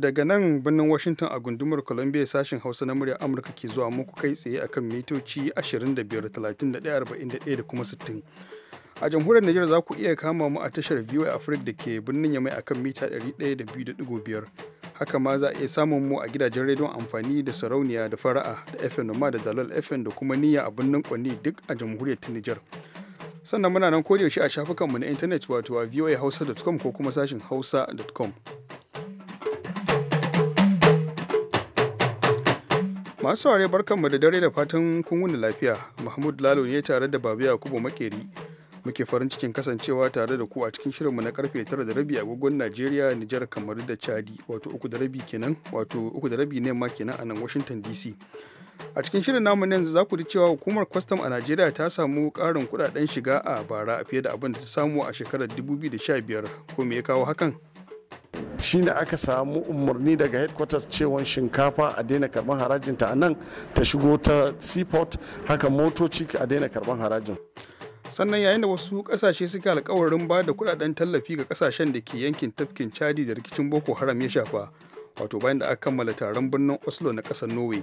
daga nan birnin Washington a gundumar Columbia sashen Hausa na murya Amurka ke zuwa muku kai tsaye akan mitoci 25, 31, 41 da kuma 60. a jamhuriyar Nijar za ku iya kama mu a tashar a Africa da ke birnin Yamai akan mita 102.5 haka ma za a iya samun mu a gidajen rediyon amfani da sarauniya da fara'a da FM Noma da Dalal FM da kuma niyya a birnin Kwani duk a jamhuriyar ta Nijar sannan muna nan kodiyaushe a shafukanmu na intanet wato a voahausa.com ko kuma sashin hausa.com masu saurare barkanmu da dare da fatan kun wuni lafiya mahmud lalo ne tare da babu yakubu makeri muke farin cikin kasancewa tare da ku a cikin shirinmu na karfe 9 da rabi agogon najeriya nijar kamar da chadi wato uku da rabi kenan wato uku da rabi ne ma kenan a nan washington dc a cikin shirin namu na yanzu za ku ji cewa hukumar kwastam a najeriya ta samu karin kudaden shiga a bara fiye da abin da ta samu a shekarar 2015 ko me ya kawo hakan shine aka samu umarni daga headquarters cewan shinkafa a daina karban harajin ta a nan ta shigo ta seaport haka motoci a daina karban harajin sannan yayin da wasu kasashe suka alkawarin ba da kudaden tallafi ga kasashen da ke yankin tafkin chadi da rikicin boko haram ya shafa wato bayan da aka kammala taron birnin oslo na ƙasar norway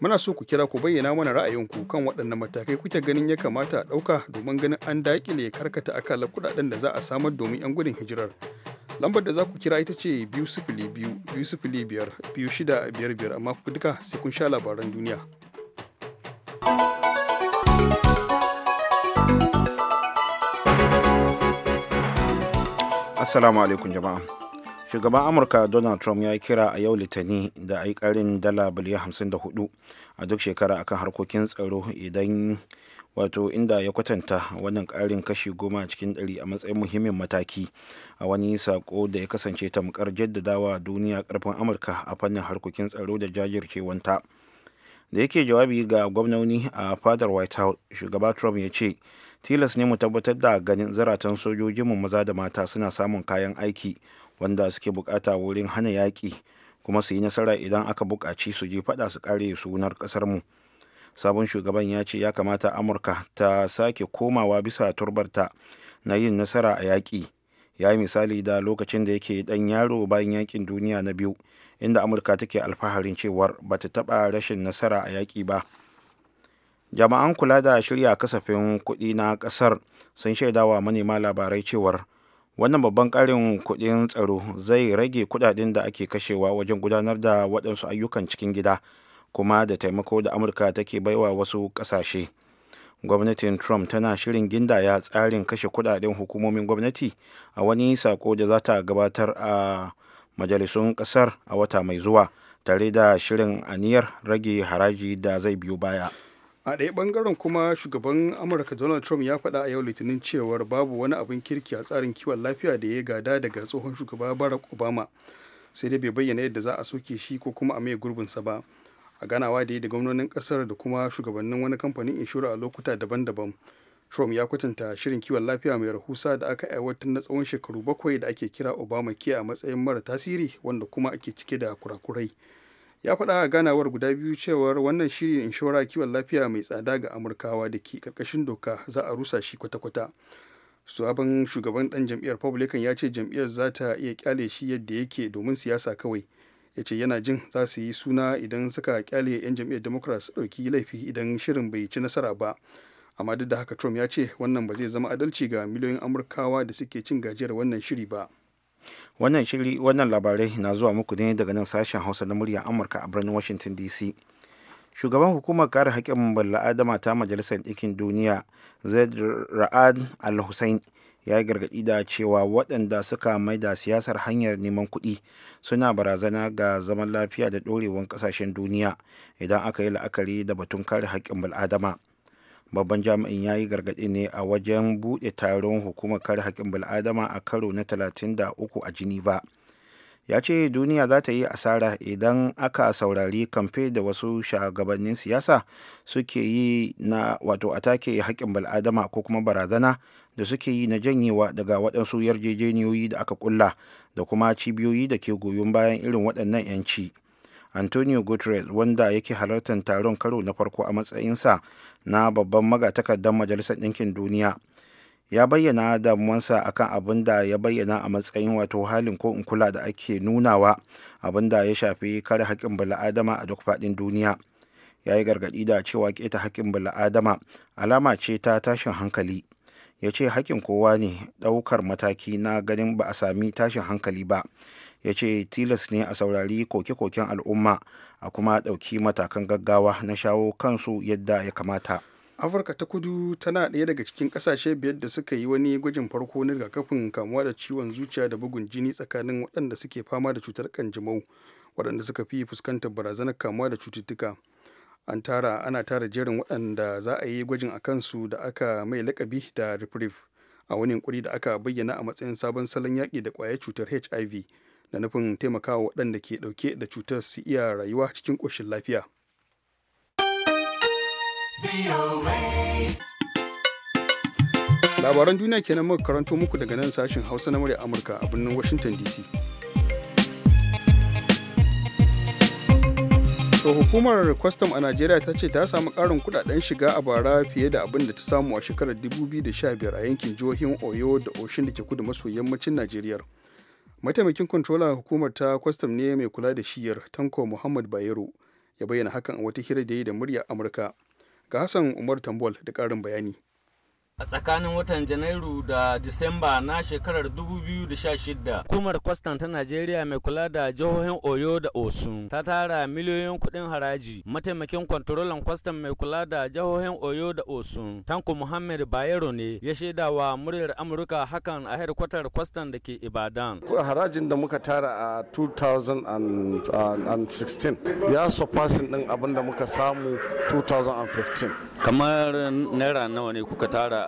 muna so ku kira ku bayyana mana ra'ayinku kan waɗanne matakai kuke ganin ya kamata a ɗauka domin ganin an daƙile karkata akala kuɗaɗen da za a samar domin 'yan gudun hijirar lambar da za ku kira ita ce biyu sifili biyu sifili biyar biyu shida amma ku duka sai kun sha labaran duniya assalamu alaikum jama'a shugaban amurka donald trump ya yi kira a yau litani da aikarin dala biliyan 54 a duk shekara akan harkokin tsaro idan wato inda ya kwatanta wannan karin kashi goma cikin ɗari a matsayin muhimmin mataki a wani sako da ya kasance tamkar jaddadawa duniya karfin amurka a fannin harkokin tsaro da jajircewanta da yake jawabi ga gwamnoni a fadar white house shugaba trump ya ce tilas ne mu tabbatar da ganin zaratan sojojinmu maza da mata suna samun kayan aiki wanda suke bukata wurin hana yaƙi kuma su yi nasara idan aka buƙaci su je faɗa su kare sunar ƙasar mu sabon shugaban ya ce ya kamata amurka ta sake komawa bisa turbarta na yin nasara a yaƙi ya yi misali da lokacin da yake ɗan yaro bayan yaƙin duniya na biyu inda amurka take alfaharin cewar ba ta taɓa rashin nasara a yaƙi ba jama'an kula da shirya kasafin kuɗi na ƙasar sun shaidawa manema labarai cewar wannan babban karin kudin tsaro zai rage kudaden da ake kashewa wajen gudanar da waɗansu ayyukan cikin gida kuma da taimako da amurka take baiwa wasu ƙasashe gwamnatin trump tana shirin gindaya tsarin kashe kudaden hukumomin gwamnati a wani sako da za ta gabatar a majalisun ƙasar a wata mai zuwa tare da shirin aniyar rage haraji da zai biyo baya. a ɗaya bangaren kuma shugaban amurka donald trump ya faɗa a yau litinin cewar babu wani abin kirki a tsarin kiwon lafiya da ya gada daga tsohon shugaba barack obama sai dai bai bayyana yadda za a soke shi ko kuma a mai gurbinsa ba a ganawa da yi da gwamnonin ƙasar da kuma shugabannin wani kamfanin inshura a lokuta daban-daban trump ya kwatanta shirin kiwon lafiya mai rahusa da aka aiwatar na tsawon shekaru bakwai da ake kira obama ke a matsayin mara tasiri wanda kuma ake cike da kurakurai ya faɗa a ganawar guda biyu cewar wannan shirin inshora kiwon lafiya mai tsada ga amurkawa da ke ƙarƙashin doka za a rusa shi kwata-kwata sabon shugaban ɗan jam'iyyar republican ya ce jam'iyyar za ta iya kyale shi yadda yake domin siyasa kawai ya ce yana jin za su yi suna idan suka kyale 'yan jam'iyyar democrats su ɗauki laifi idan shirin bai ci nasara ba amma duk da haka trump ya ce wannan ba zai zama adalci ga miliyoyin amurkawa da suke cin gajiyar wannan shiri ba wannan shiri wannan labarai na zuwa muku ne daga nan sashen hausa na murya amurka a birnin washington dc shugaban hukumar kare haƙƙin adama ta majalisar ɗinkin duniya zaid ra'ad al-hussein ya yi gargaɗi da cewa waɗanda suka maida siyasar hanyar neman kuɗi suna barazana ga zaman lafiya da ɗorewar ƙasashen duniya idan aka yi la'akari da batun kare haƙƙin bal'adama babban jami'in ya yi gargaɗi ne a wajen buɗe taron hukumar kare haƙƙin bil'adama a karo na 33 a geneva ya ce duniya za ta yi asara idan aka saurari kamfe da wasu shugabannin siyasa suke yi na wato take haƙƙin bal'adama ko kuma barazana da suke yi na janyewa daga waɗansu yarjejeniyoyi da aka ƙulla da kuma cibiyoyi da ke goyon bayan irin waɗannan 'yanci. antonio guterres wanda yake halartar taron karo na farko a matsayinsa na babban magatakardar majalisar ɗinkin duniya ya bayyana damuwansa akan abin da ya bayyana a matsayin wato halin ko in kula da ake nunawa abin da ya shafi kare haƙƙin bala'adama a duk faɗin duniya ya yi gargaɗi da cewa keta haƙƙin bala'adama alama ce ta tashin hankali ya ce haƙƙin kowa ne ɗaukar mataki na ganin ba a sami tashin hankali ba ya ce tilas ne a saurari koke-koken al'umma a kuma ɗauki matakan gaggawa na shawo kansu yadda ya kamata afirka ta kudu tana ɗaya daga cikin ƙasashe biyar da suka yi wani gwajin farko na rigakafin kamuwa da ciwon zuciya da bugun jini tsakanin waɗanda suke fama da cutar kanjamau waɗanda suka fi fuskantar barazanar kamuwa da cututtuka an tara ana tara jerin waɗanda za a yi gwajin a kansu da aka mai lakabi da rifrif a wani yunkuri da aka bayyana a matsayin sabon salon yaƙi da ƙwayar cutar hiv da nufin taimakawa waɗanda ke ɗauke da cutar su iya rayuwa cikin ƙoshin lafiya. Labaran duniya kenan muka karanto muku daga nan sashen Hausa na murya Amurka a birnin Washington DC. To hukumar kwastam a Najeriya ta ce ta samu ƙarin kudaden shiga a bara fiye da abin da ta samu a shekarar 2015 a yankin jihohin Oyo da Oshin da ke kudu maso yammacin Najeriya. mataimakin kontrola hukumar ta kwastam ne mai kula da shiyar tanko muhammad bayero ya bayyana hakan a wata hira da yi da murya amurka ga hassan umar tambol da ƙarin bayani a tsakanin watan janairu da disamba na shekarar 2016 hukumar kwastan ta najeriya mai kula da jihohin oyo da osun ta tara miliyoyin kuɗin haraji mataimakin kwantarolan kwastan mai kula da jihohin oyo da osun tanko muhammad bayero ne ya shaida wa muryar amurka hakan a hedkwatar kwastan da ke ibadan harajin da muka tara a 2016 ya fasin din abin da muka samu 2015 kamar naira nawa ne kuka tara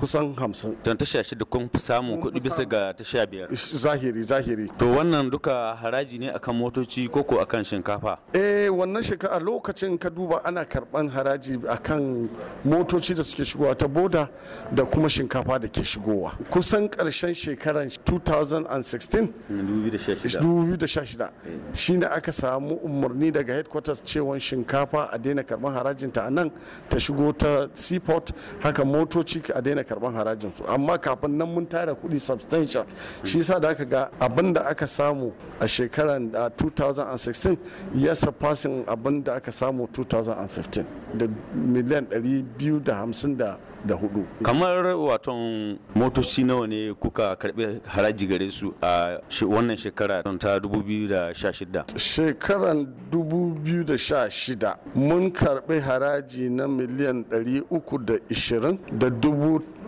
kusan hamsin. Don tasha shida kun fi samun kuɗi bisa ga tasha biyar. Zahiri zahiri. To wannan duka haraji ne akan motoci ko ko akan shinkafa? Eh wannan shekara lokacin ka duba ana karɓan haraji akan motoci da suke shigowa ta boda da kuma shinkafa da ke shigowa. Kusan ƙarshen shekaran 2016. 2016. Shi ne aka samu umarni daga headquarters cewa shinkafa a daina karɓan harajinta a nan ta shigo ta seaport haka motoci a daina karban harajin su amma kafin nan mun tara kuɗi substantial shi yasa da aka ga abin da aka samu a shekarar 2016 ya surpassing abin da aka samu 2015 da miliyan 254 kamar waton motoci nawa ne kuka karbe haraji gare su a wannan shekara ta 2016 shekaran 2016 mun karbe haraji na miliyan 320 da dubu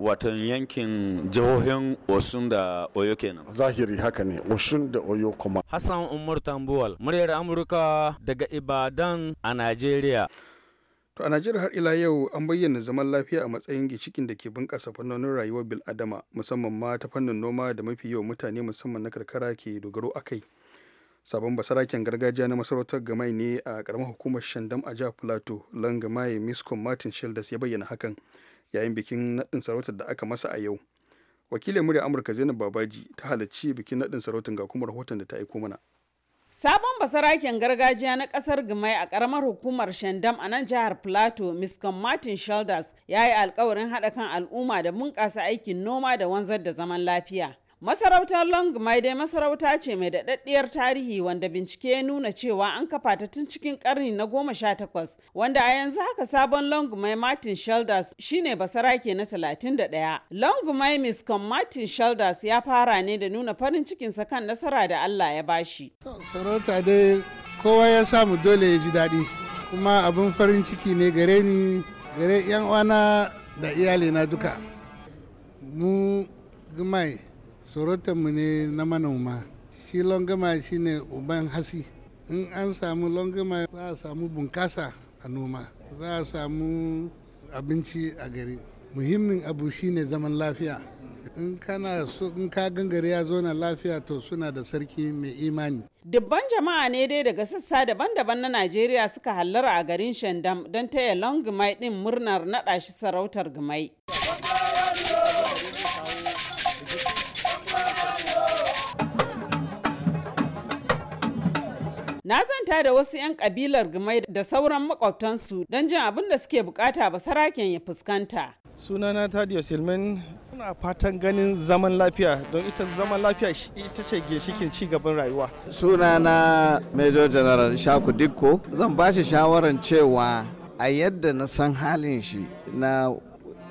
watan yankin jihohin osun da oyo kenan zahiri haka ne osun da oyo kuma hassan umar tambuwal muryar amurka daga ibadan a najeriya to a najeriya har ila yau an bayyana zaman lafiya a matsayin gicikin da ke bunƙasa fannonin rayuwar bil'adama musamman ma ta fannin noma da mafi yawan mutane musamman na karkara ke dogaro a kai sabon basaraken gargajiya na masarautar gamai ne a karamar hukumar shandam a jihar plateau mai miskon martin shildas ya bayyana hakan yayin bikin naɗin sarautar da aka masa a yau wakilin murya amurka zainab babaji ta halarci bikin naɗin sarautar ga kuma rahoton da ta aiko mana Sabon basaraken gargajiya na kasar Gumai a karamar hukumar Shandam a nan jihar plato Miskan Martin Shelders ya yi alkawarin haɗa kan al'umma da bunƙasa aikin noma da wanzar da zaman lafiya. Masarautar mai dai masarauta ce mai daɗaɗɗiyar tarihi wanda bincike ya nuna cewa an kafa ta tun cikin ƙarni na goma sha takwas wanda a yanzu haka sabon mai Martin Shelders shine basarake na talatin da ɗaya. mai Miscom Martin Shelders ya fara ne da nuna farin cikinsa kan nasara da Allah ya bashi. Sarauta dai kowa ya samu dole ya ji daɗi kuma abin farin ciki ne gare ni gare 'yan uwana da iyalina duka. Mu gumai mu ne na manoma shi longama ne uban hasi in an samu longama za a samu bunkasa a noma za a samu abinci a gari muhimmin abu shi ne zaman lafiya in kana so in ka gangare ya zona lafiya to suna da sarki mai imani dubban jama'a ne dai daga sassa daban-daban na najeriya suka hallara a garin shandam don taya long mai din murnar naɗa shi sarautar gumai Na zanta da wasu 'yan kabilar gumai da sauran makwabtansu don jin abin da suke bukata ba saraken ya fuskanta. Sunana Tadiyo Silman muna fatan ganin zaman lafiya don ita zaman lafiya ita ce ginshikin ci gaban rayuwa. Sunana Major General Shaku Dikko zan ba shi shawaran cewa a yadda na san halin shi na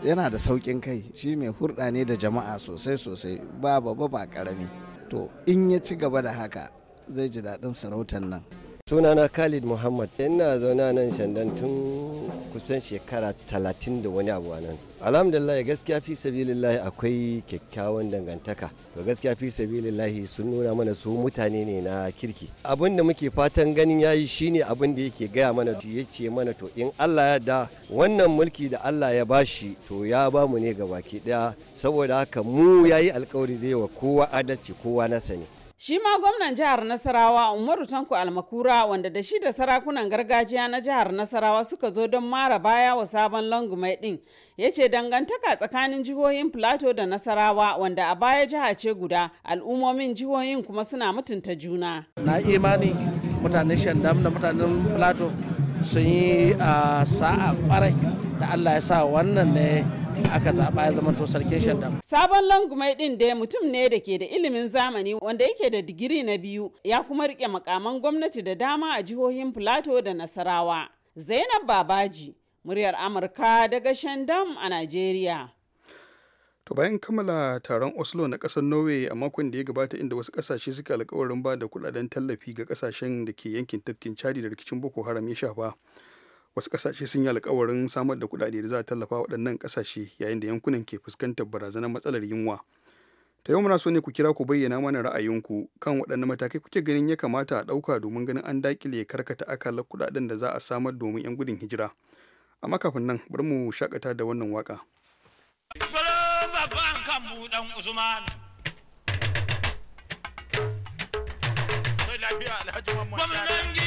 yana da sauƙin kai shi mai hurɗa ne da jama'a sosai sosai ba ba ba ƙarami to in ya ci gaba da haka zai ji daɗin sarautar nan sunana khalid muhammad ina zaune nan shandan tun kusan shekara talatin da wani abu nan alhamdulillah gaskiya fi sabilillahi akwai kyakkyawan dangantaka to gaskiya fi sabilillahi sun nuna mana su mutane ne na kirki abin da muke fatan ganin yayi shine abin da yake gaya mana ya ce mana to in allah ya da wannan mulki da allah ya bashi to ya ba mu ne gabaki daya saboda haka mu yayi alkawari zai wa kowa adalci kowa na sani Shi ma gwamnan jihar Nasarawa Umaru Tanko Almakura wanda da shi da sarakunan gargajiya na jihar Nasarawa suka zo don mara baya wa sabon langumai din ya ce dangantaka tsakanin jihohin Plateau da Nasarawa wanda a baya jiha ce guda al'ummomin jihohin kuma suna mutunta juna. Na imani mutanen Shandam da mutanen Plateau sun yi ah, sa'a kwarai da Allah ya sa wannan ne aka zaba ya zama sarkin Sabon langumai ɗin dai mutum ne da ke da ilimin zamani wanda yake da digiri na biyu ya kuma rike makaman gwamnati da dama a jihohin Filato da Nasarawa. Zainab Babaji, muryar Amurka daga Shandam a Najeriya. To bayan kammala taron Oslo na ƙasar Norway a makon da ya gabata inda wasu ƙasashe suka alƙawarin ba da kuɗaɗen tallafi ga ƙasashen da ke yankin tafkin Chadi da rikicin Boko Haram ya shafa. wasu kasashe sun yi alkawarin samar da kuɗaɗe da za a tallafa waɗannan kasashe yayin da yankunan ke fuskantar barazanar matsalar yunwa ta yau muna so ne ku kira ku bayyana mana ra'ayinku kan waɗanne matakai kuke ganin ya kamata a ɗauka domin ganin an dakile karkata akalar kuɗaɗen da za a samar domin 'yan gudun hijira amma kafin nan bari mu shakata da wannan waka. Gwamnan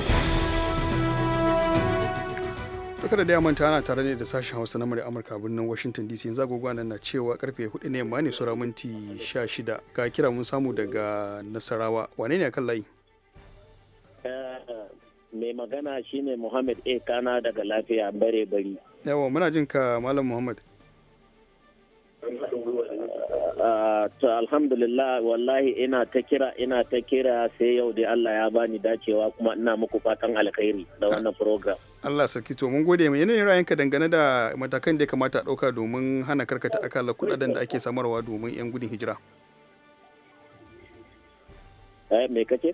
duk da manta ana tare ne da sashen hausa na murya amurka birnin washington dc yanzu agogo nan na cewa karfe 4 ne ma ne sura minti 16 ga kira mun samu daga nasarawa wane ne kan layi eh, mai magana shine muhammad a kana daga lafiya bare bari yawa muna jin ka malam muhammad Ah, to alhamdulillah wallahi ina ta kira ina ta kira sai yau dai Allah ya bani dacewa kuma ina muku fatan alkhairi da wannan program. Allah sarki to mun gode mu yanayin ra'ayinka dangane da matakan da ya kamata a ɗauka domin hana karkata akalla kudaden da ake samarwa domin 'yan gudun hijira. Eh, me kace?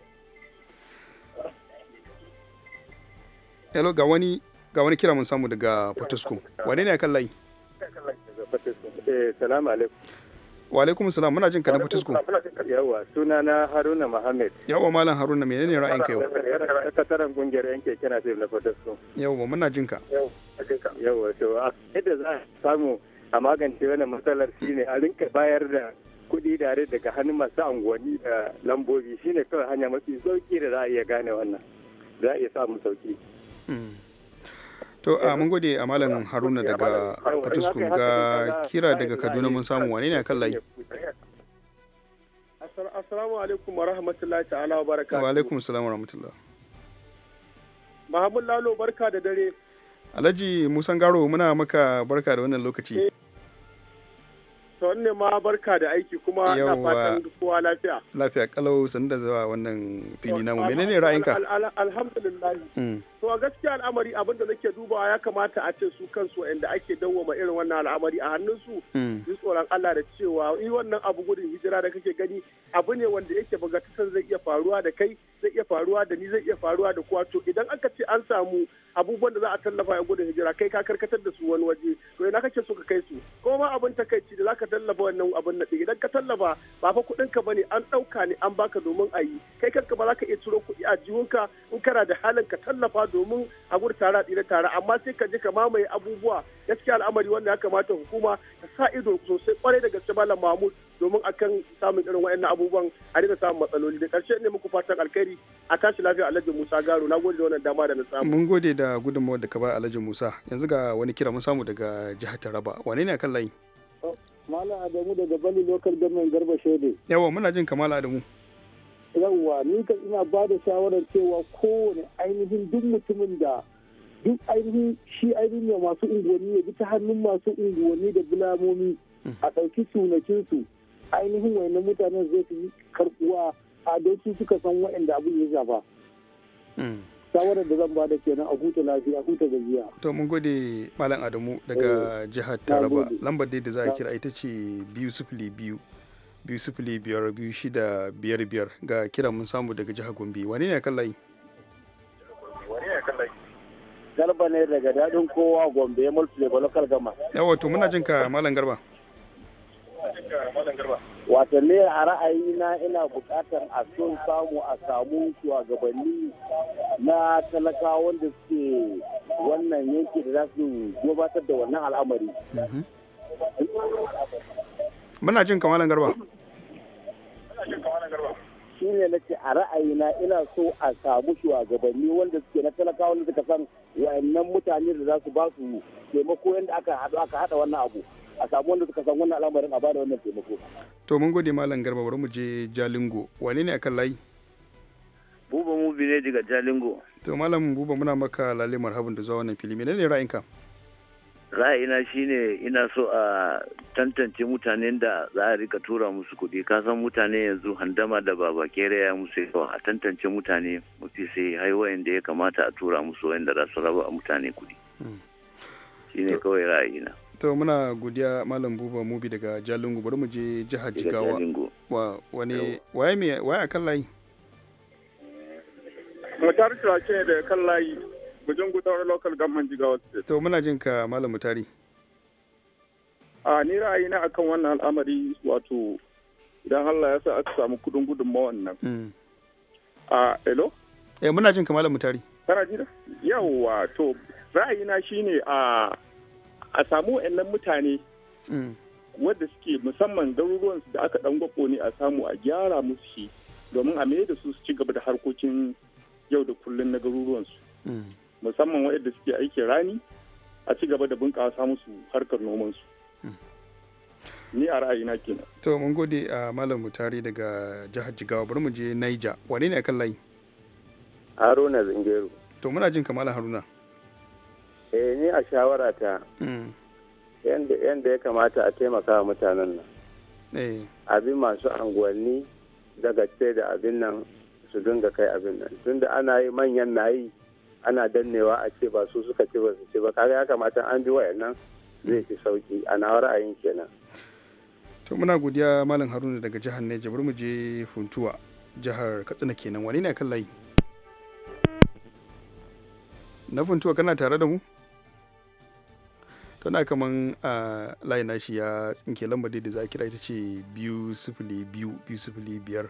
Hello ga wani ga wani kira mun samu daga Potoskum. Wane ne akan layi? Eh, alaikum. wa alaikum salam muna jin ka na fitisko yawa suna na haruna muhammad yawa malam haruna menene ra'ayin ka yau sakataren kungiyar yanke kina sai na fitisko yawa muna jin ka yawa to yadda za a samu a magance wannan matsalar shine a rinka bayar da kuɗi dare daga hannun masu anguwanni da lambobi shine kawai hanya mafi sauki da za a iya gane wannan za a iya samu sauki hmm. to a mun eh, gode a malam haruna daga fatuskum ga kira daga kaduna mun samu wane ne kan layi assalamu alaikum wa rahmatullahi ta'ala wa wa alaikum assalam wa rahmatullah Mahamud Lalo barka da dare Alhaji Musan Garo muna maka barka da wannan lokaci eh, Son ne ma barka da aiki kuma na fatan kowa lafiya. Lafiya kalau sanda zuwa wannan fili namu. Menene ra'ayinka? Alhamdulillah. Mm. To a gaskiya al'amari abinda nake dubawa ya kamata a ce su kansu inda ake dawwama irin wannan al'amari a hannun mm. su Yi tsoron Allah da cewa yi wannan abu gudun hijira da kake gani abu ne wanda yake san zai iya faruwa da kai zai iya faruwa da ni zai iya faruwa da kowa to idan aka ce an samu abubuwan da za a tallafa ya gudun hijira kai ka karkatar da su wani waje to ina kake so ka kai su ko ma abin takaici da zaka tallafa wannan abin na idan ka tallafa ba fa kuɗin ka bane an ɗauka ne an baka domin a yi kai kanka ba za ka iya turo kuɗi a jiwonka in kana da halin ka tallafa domin a gudu tare a tare amma sai ka je ka mamaye abubuwa gaskiya al'amari wanda ya kamata hukuma ta sa ido sosai kwarai da gaske malam Mahmud domin a kan samun irin na abubuwan a rika samun matsaloli da ƙarshe ne muku fatan alkhairi a tashi lafiya Alhaji Musa Garo na gode da wannan dama da na samu mun gode da gudunmawar da ka ba Alhaji Musa yanzu ga wani kira mun samu daga jihar Taraba wane ne akan layi oh, Malam Adamu daga Bali Local Government Garba Shede yawa muna jin kamala Adamu yawwa ni kan ina ba da shawarar cewa kowane ainihin duk mutumin da duk ainihin shi ainihin masu unguwanni ya bi ta hannun masu unguwanni da bulamomi mm. a ɗauki sunakinsu ainihin wayannan mutanen zai fi karbuwa a doki suka san waɗanda abin ya zaba? Hmm. shawarar da zan ba da kenan a huta lafiya huta gajiya. To mun gode Malam Adamu daga eh, jihar Taraba lambar da za a kira ita ce biyu sifili biyu biyu sifili biyar biyu shida biyar biyar ga kiran mun samu daga jihar Gombe Wani ne kan layi? Wani ne kan layi? Garba ne daga daɗin kowa Gombe multi level local gama. Yawa to muna jin ka Malam Garba. wata ne a ra'ayina ina bukatar a son samu a samu shugabanni na talakawa wanda suke wannan yanki da za su gabatar da wannan al'amari. Mhm. Muna jin kamalan garba. Shi ne na ce a ra'ayina ina so a samu shugabanni wanda suke na talakawa wanda suka san wa'annan mutane da za su ba su taimako yadda aka aka haɗa wannan abu. a samu wanda suka san wannan al'amarin a bada wannan taimako to mun gode malam garba bari mu je jalingo wane ne akan layi buba mu ne daga jalingo to malam buba muna maka lalle marhabin da zuwa wannan fili menene ra'ayinka ra'ayina shine ina so a tantance mutanen da za a rika tura musu kuɗi kasan mutane yanzu handama da baba kere ya musu yawa a tantance mutane mafi sai haiwayen da ya kamata a tura musu wayanda za su raba mutane kuɗi hmm. shine kawai ra'ayina to muna godiya malam buba mubi daga jalingu bari mu je jihar jigawa wa wani waye me waye akan layi mutari mutar ce da kan layi bujin gudanar local government jigawa to muna jin ka malam mutari a ni ra'ayi na akan wannan al'amari wato idan Allah ya sa aka samu kudin gudun gudunmawa wannan mm. a elo eh muna jin ka malam mutari kana jira yawa to ra'ayi na shine a uh, a samu wa'annan mutane mm. wadda suke musamman garuruwan da aka dan gwako ne a samu a gyara musu shi domin a mai da su su ci gaba da harkokin yau da kullun na garuruwansu mm. musamman waɗanda suke aikin rani a ci gaba da bunƙasa musu harkar nomansu mm. ni a ra'ayina kenan to mun gode a malam mutari daga jihar jigawa bari mu je naija wane ne a kan layi haruna zingero to muna jin kamala haruna eh ni a shawara ta mm. yadda ya kamata a taimaka wa mutanen nan eh. abin masu anguwanni daga ce da abin nan su dinga kai abin nan tunda ana yi manyan na yi ana dannewa a ce ba su suka ce ba su ce ba kaga ya kamata an bi wayannan zai fi sauki a a ra'ayin kenan to muna godiya malam haruna daga jihar neja bari mu je funtuwa jihar katsina kenan wani ne kan layi na funtuwa kana tare da mu tana kaman a layina shi ya tsinke lamba da za a kira ita ce biyu sifili biyu biyu sifili biyar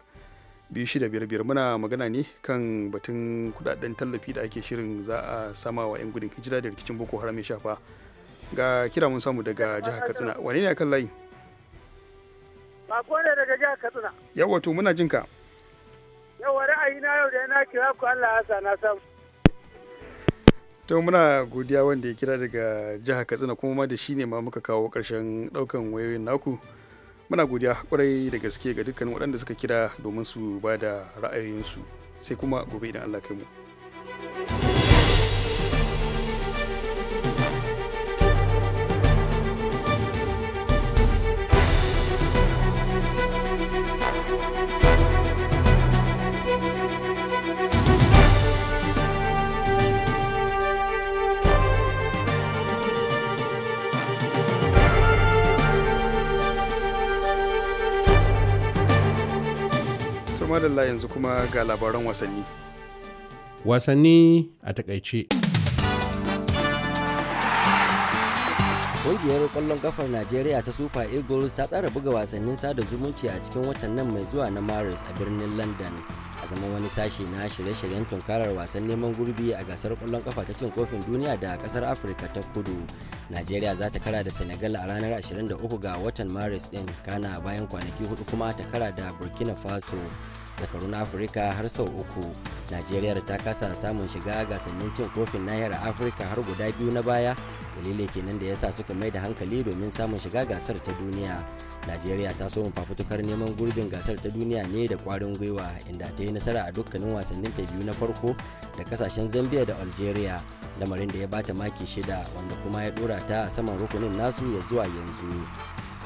biyu shida biyar biyar muna magana ne kan batun kudaden tallafi da ake shirin za a sama wa 'yan gudun hijira da rikicin boko haram ya shafa ga kira mun samu daga jihar katsina wane ne akan layi bako ne daga jihar katsina yawa to muna jinka yawa ra'ayi na yau da na kira ku allah ya sa na samu to muna godiya wanda ya kira daga jihar katsina kuma ma da shi ne ma muka kawo ƙarshen ɗaukan wayoyin naku muna godiya kwarai da gaske ga dukkan waɗanda suka kira domin su ba da ra'ayoyinsu sai kuma gobe idan allah kai mu madalla yanzu kuma ga labaran wasanni. Wasanni a takaice. Ƙungiyar ƙwallon ƙafar Najeriya ta Super Eagles ta tsara buga wasannin sada zumunci a cikin watan nan mai zuwa na Maris a birnin London. A zaman wani sashe na shirye-shiryen tunkarar wasan neman gurbi a gasar ƙwallon ƙafa ta cin kofin duniya da ƙasar Afirka ta kudu. Najeriya za ta kara da Senegal a ranar 23 ga watan Maris ɗin kana bayan kwanaki hudu kuma ta kara da Burkina Faso. zakarun na afirka har sau uku najeriya ta kasa samun shiga gasannin cin kofin nahiyar afirka har guda biyu na baya dalili kenan da ya sa suka mai da hankali domin samun shiga gasar ta duniya najeriya ta so fafutukar neman gurbin gasar ta duniya ne da kwarin gwiwa inda ta yi nasara a dukkanin wasannin ta biyu na farko da kasashen zambia da algeria lamarin da ya bata maki shida wanda kuma ya dora ta saman rukunin nasu ya zuwa yanzu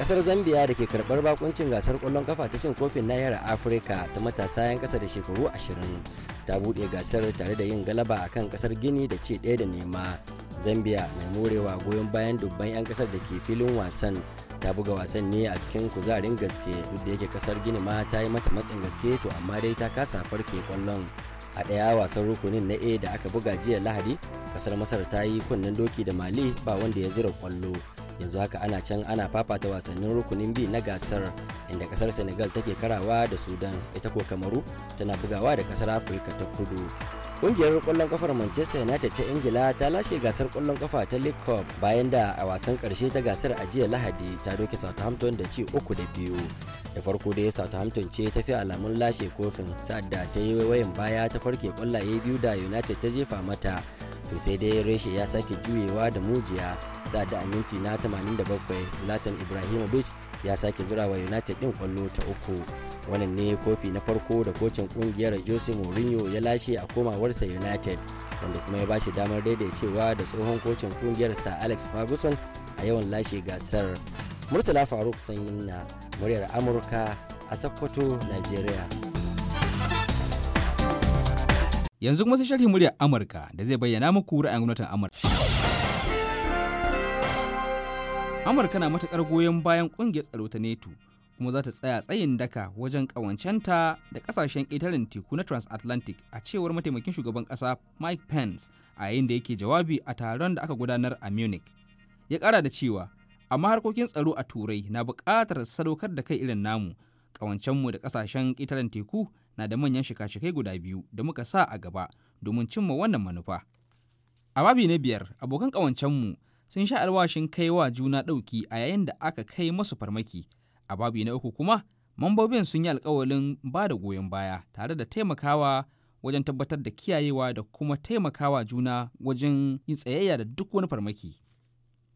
kasar zambia da ke karbar bakuncin gasar kwallon kafa ta cin kofin nahiyar afirka ta matasa 'yan kasa da shekaru 20 ta buɗe gasar tare da yin galaba a kan kasar gini da ce daya da nema zambia mai morewa goyon bayan dubban 'yan kasar da ke filin wasan ta buga wasan ne a cikin kuzarin gaske duk da yake kasar gini ma ta yi mata matsin gaske to amma dai ta kasa farke kwallon a ɗaya wasan rukunin na a da aka buga jiya lahadi kasar masar ta yi kunnen doki da mali ba wanda ya zira kwallo yanzu haka ana can ana fafata wasannin rukunin bi na gasar inda kasar senegal take karawa da sudan ita ko kamaru tana bugawa da kasar afirka ta kudu Kungiyar kwallon kafar Manchester United ta Ingila ta lashe gasar kwallon kafa ta League Cup bayan da a wasan karshe ta gasar a jiya Lahadi ta doke Southampton da ci uku da biyu. Da farko dai Southampton ce ta fi alamun lashe kofin da ta yi wayan baya ta farke kwallaye biyu da United ta jefa mata. To sai dai reshe ya sake juyewa da mujiya da a minti na 87 Zlatan Ibrahimovic ya sake zura wa United din kwallo ta uku. wannan ne kofi na farko da kocin kungiyar jose mourinho ya lashe a komawarsa united wanda kuma ya bashi damar daidaicewa da tsohon kocin kungiyar sa alex ferguson a yawan lashe gasar murtala faruk sanyin na muryar amurka a sokoto nigeria yanzu kuma sai sharhi muryar amurka da zai bayyana muku ra'ayin gwamnatin amurka amurka na matukar goyon bayan kungiyar tsaro ta neto kuma za ta tsaya tsayin daka wajen ƙawancenta da ƙasashen ƙetaren teku na transatlantic a cewar mataimakin shugaban ƙasa mike pence a yayin da yake jawabi a taron da aka gudanar a munich ya ƙara da cewa amma harkokin tsaro a turai na buƙatar sadaukar da kai irin namu ƙawancenmu da ƙasashen ƙetaren teku na da manyan shika-shikai guda biyu da muka sa a gaba domin cimma wannan manufa a babi na biyar abokan ƙawancenmu sun sha alwashin kai wa juna ɗauki a yayin da aka kai masu farmaki a babi na uku kuma mambobin sun yi alkawalin ba da goyon baya tare da taimakawa wajen tabbatar da kiyayewa da kuma taimakawa juna wajen yin tsayayya da duk wani farmaki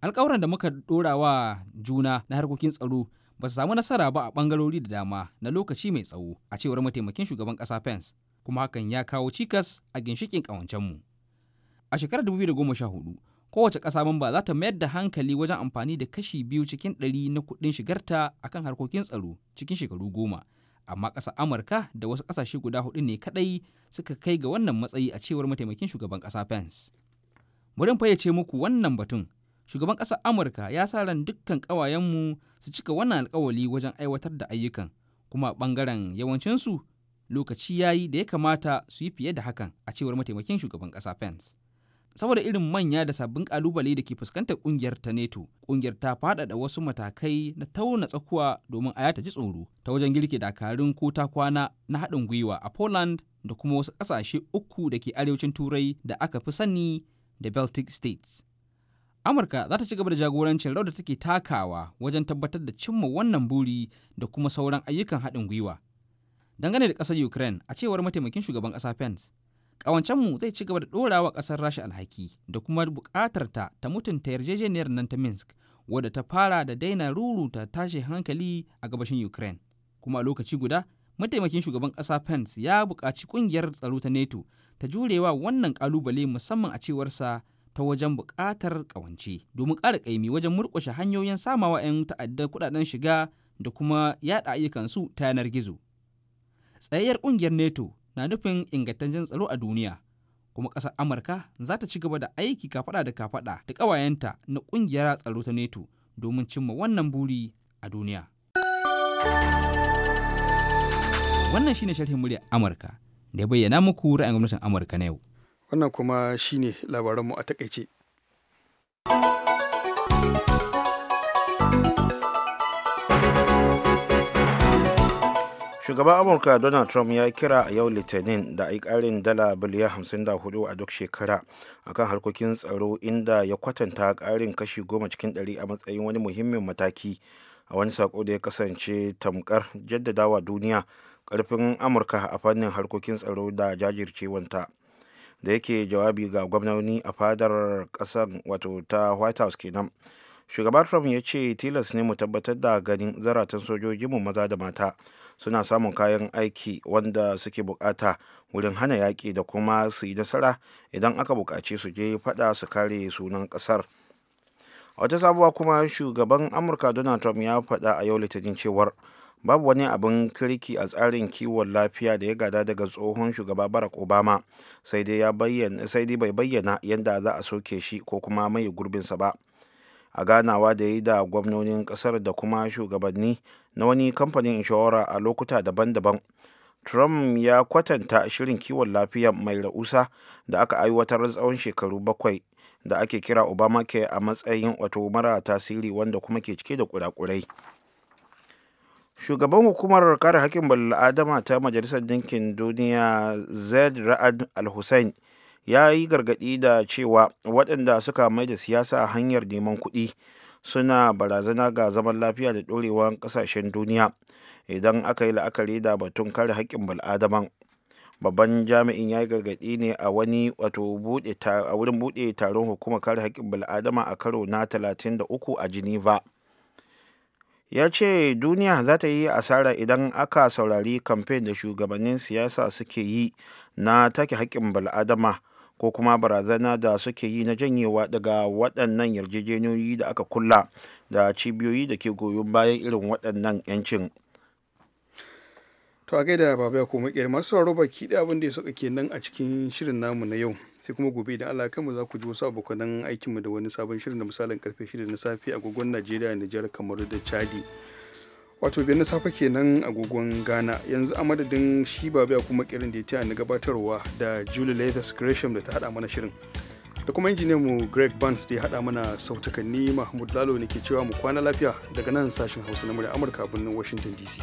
alkawuran da muka dora wa juna na harkokin tsaro ba su samu nasara ba a bangarori da dama na lokaci mai tsawo a cewar mataimakin shugaban kasa pence kuma hakan ya kawo cikas a ginshikin ƙawancenmu a shekarar 2014 kowace ƙasa mamba za ta mayar da hankali wajen amfani da kashi biyu cikin ɗari na kuɗin shigarta akan harkokin tsaro cikin shekaru goma amma ƙasa amurka da wasu ƙasashe guda hudu ne kaɗai suka kai ga wannan matsayi a cewar mataimakin shugaban ƙasa pence bari in fayyace muku wannan batun shugaban ƙasa amurka ya sa ran dukkan ƙawayenmu su cika wannan alƙawali wajen aiwatar da ayyukan kuma ɓangaren yawancinsu lokaci ya yi da ya kamata su yi fiye da hakan a cewar mataimakin shugaban ƙasa pence saboda irin manya da sabbin kalubale da ke fuskantar kungiyar ta neto kungiyar ta faɗaɗa wasu matakai na tauna tsakuwa domin a ta ji tsoro ta wajen girke dakarun ko ta kwana na haɗin gwiwa a poland da kuma wasu ƙasashe uku da ke arewacin turai da aka fi sani da baltic states amurka za ta ci gaba da jagorancin rau da take takawa wajen tabbatar da cimma wannan buri da kuma sauran ayyukan haɗin gwiwa dangane da ƙasar ukraine a cewar mataimakin shugaban ƙasa pence Ƙawancenmu zai ci gaba da ɗora wa ƙasar Rasha alhaki da kuma buƙatar ta ta mutunta yarjejeniyar nan ta Minsk wadda ta fara da daina ruruta tashin hankali a gabashin Ukraine. Kuma a lokaci guda, mataimakin shugaban ƙasa Pence ya buƙaci ƙungiyar tsaro ta NETO ta jurewa wannan ƙalubale musamman a cewarsa ta wajen buƙatar ƙawance domin ƙara ƙaimi wajen murƙushe hanyoyin samawa 'yan ta'adda kuɗaɗen shiga da kuma yaɗa ayyukan su ta yanar gizo. Tsayayyar ƙungiyar NETO. na nufin ingantaccen tsaro a duniya kuma ƙasar amurka za ta ci gaba da aiki kafaɗa da kafaɗa da ƙawayenta na ƙungiyar tsaro ta neto domin cimma wannan buri a duniya wannan shine sharhin muryar amurka da ya bayyana muku ra'ayin gwamnatin amurka na yau wannan kuma shine labaranmu a takaice. shugaban amurka donald trump ya kira a yau litinin da a ƙarin dala biliyan 54 a duk shekara akan harkokin tsaro inda ya kwatanta ƙarin kashi goma cikin 100 a matsayin wani muhimmin mataki a wani sako da ya kasance tamkar jaddadawa duniya karfin amurka a fannin harkokin tsaro da jajircewanta da yake jawabi ga gwamnoni a fadar ƙasar wato ta white house kenan shugaba trump ya ce tilas ne mu tabbatar da ganin zaratan sojojinmu maza da mata suna samun kayan aiki wanda suke bukata wurin hana yaƙi da kuma su yi nasara idan aka bukaci su je fada su kare sunan ƙasar a wata sabuwa kuma shugaban amurka donald trump ya faɗa a yau litinin cewar babu wani abin kirki a tsarin kiwon lafiya da ya gada daga tsohon shugaba barack obama sai dai bai bayyana yadda za a soke shi ko kuma mai gurbinsa ba a ganawa da yi da gwamnonin kasar da kuma shugabanni na wani kamfanin inshora a lokuta daban-daban trump ya kwatanta shirin kiwon lafiya mai ra'usa da aka aiwatar tsawon shekaru bakwai da ake kira obamacare a matsayin wato mara tasiri wanda kuma ke cike da kurakurai shugaban hukumar kare hakkin bala'adama ta majalisar dinkin duniya zaid ra'ad al-hussein ya yi gargaɗi da cewa waɗanda suka mai da siyasa hanyar neman kuɗi suna barazana ga zaman lafiya da ɗorewar ƙasashen duniya idan aka yi la'akari da batun kare haƙƙin bal'adaman babban jami'in ya yi gargaɗi ne a wani wato a wurin buɗe taron hukumar kare haƙƙin bal'adama a karo na 33 a geneva ya ce duniya za ta yi asara idan aka saurari kamfen da shugabannin siyasa suke yi na take haƙƙin bal'adama ko kuma barazana da suke yi na janyewa daga waɗannan yarjejeniyoyi da aka kulla da cibiyoyi da ke goyon bayan irin waɗannan 'yancin. to a gaida baba ya koma kiyar masu sauraro baki da abin da ya saka kenan a cikin shirin namu na yau sai kuma gobe idan Allah kanmu za ku ji wasu abokanan aikinmu da wani sabon shirin da misalin karfe shida na safe a agogon Najeriya Nijar kamar da Chadi wato biyan na safe kenan agogon ghana yanzu a madadin shi ba biya kuma kirin da ya na gabatarwa da julie leathers gresham da ta hada mana shirin da kuma injiniyan mu greg burns da ya hada mana sautakanni mahmud lalo ne ke cewa mu kwana lafiya daga nan sashen hausa na murya amurka birnin washington dc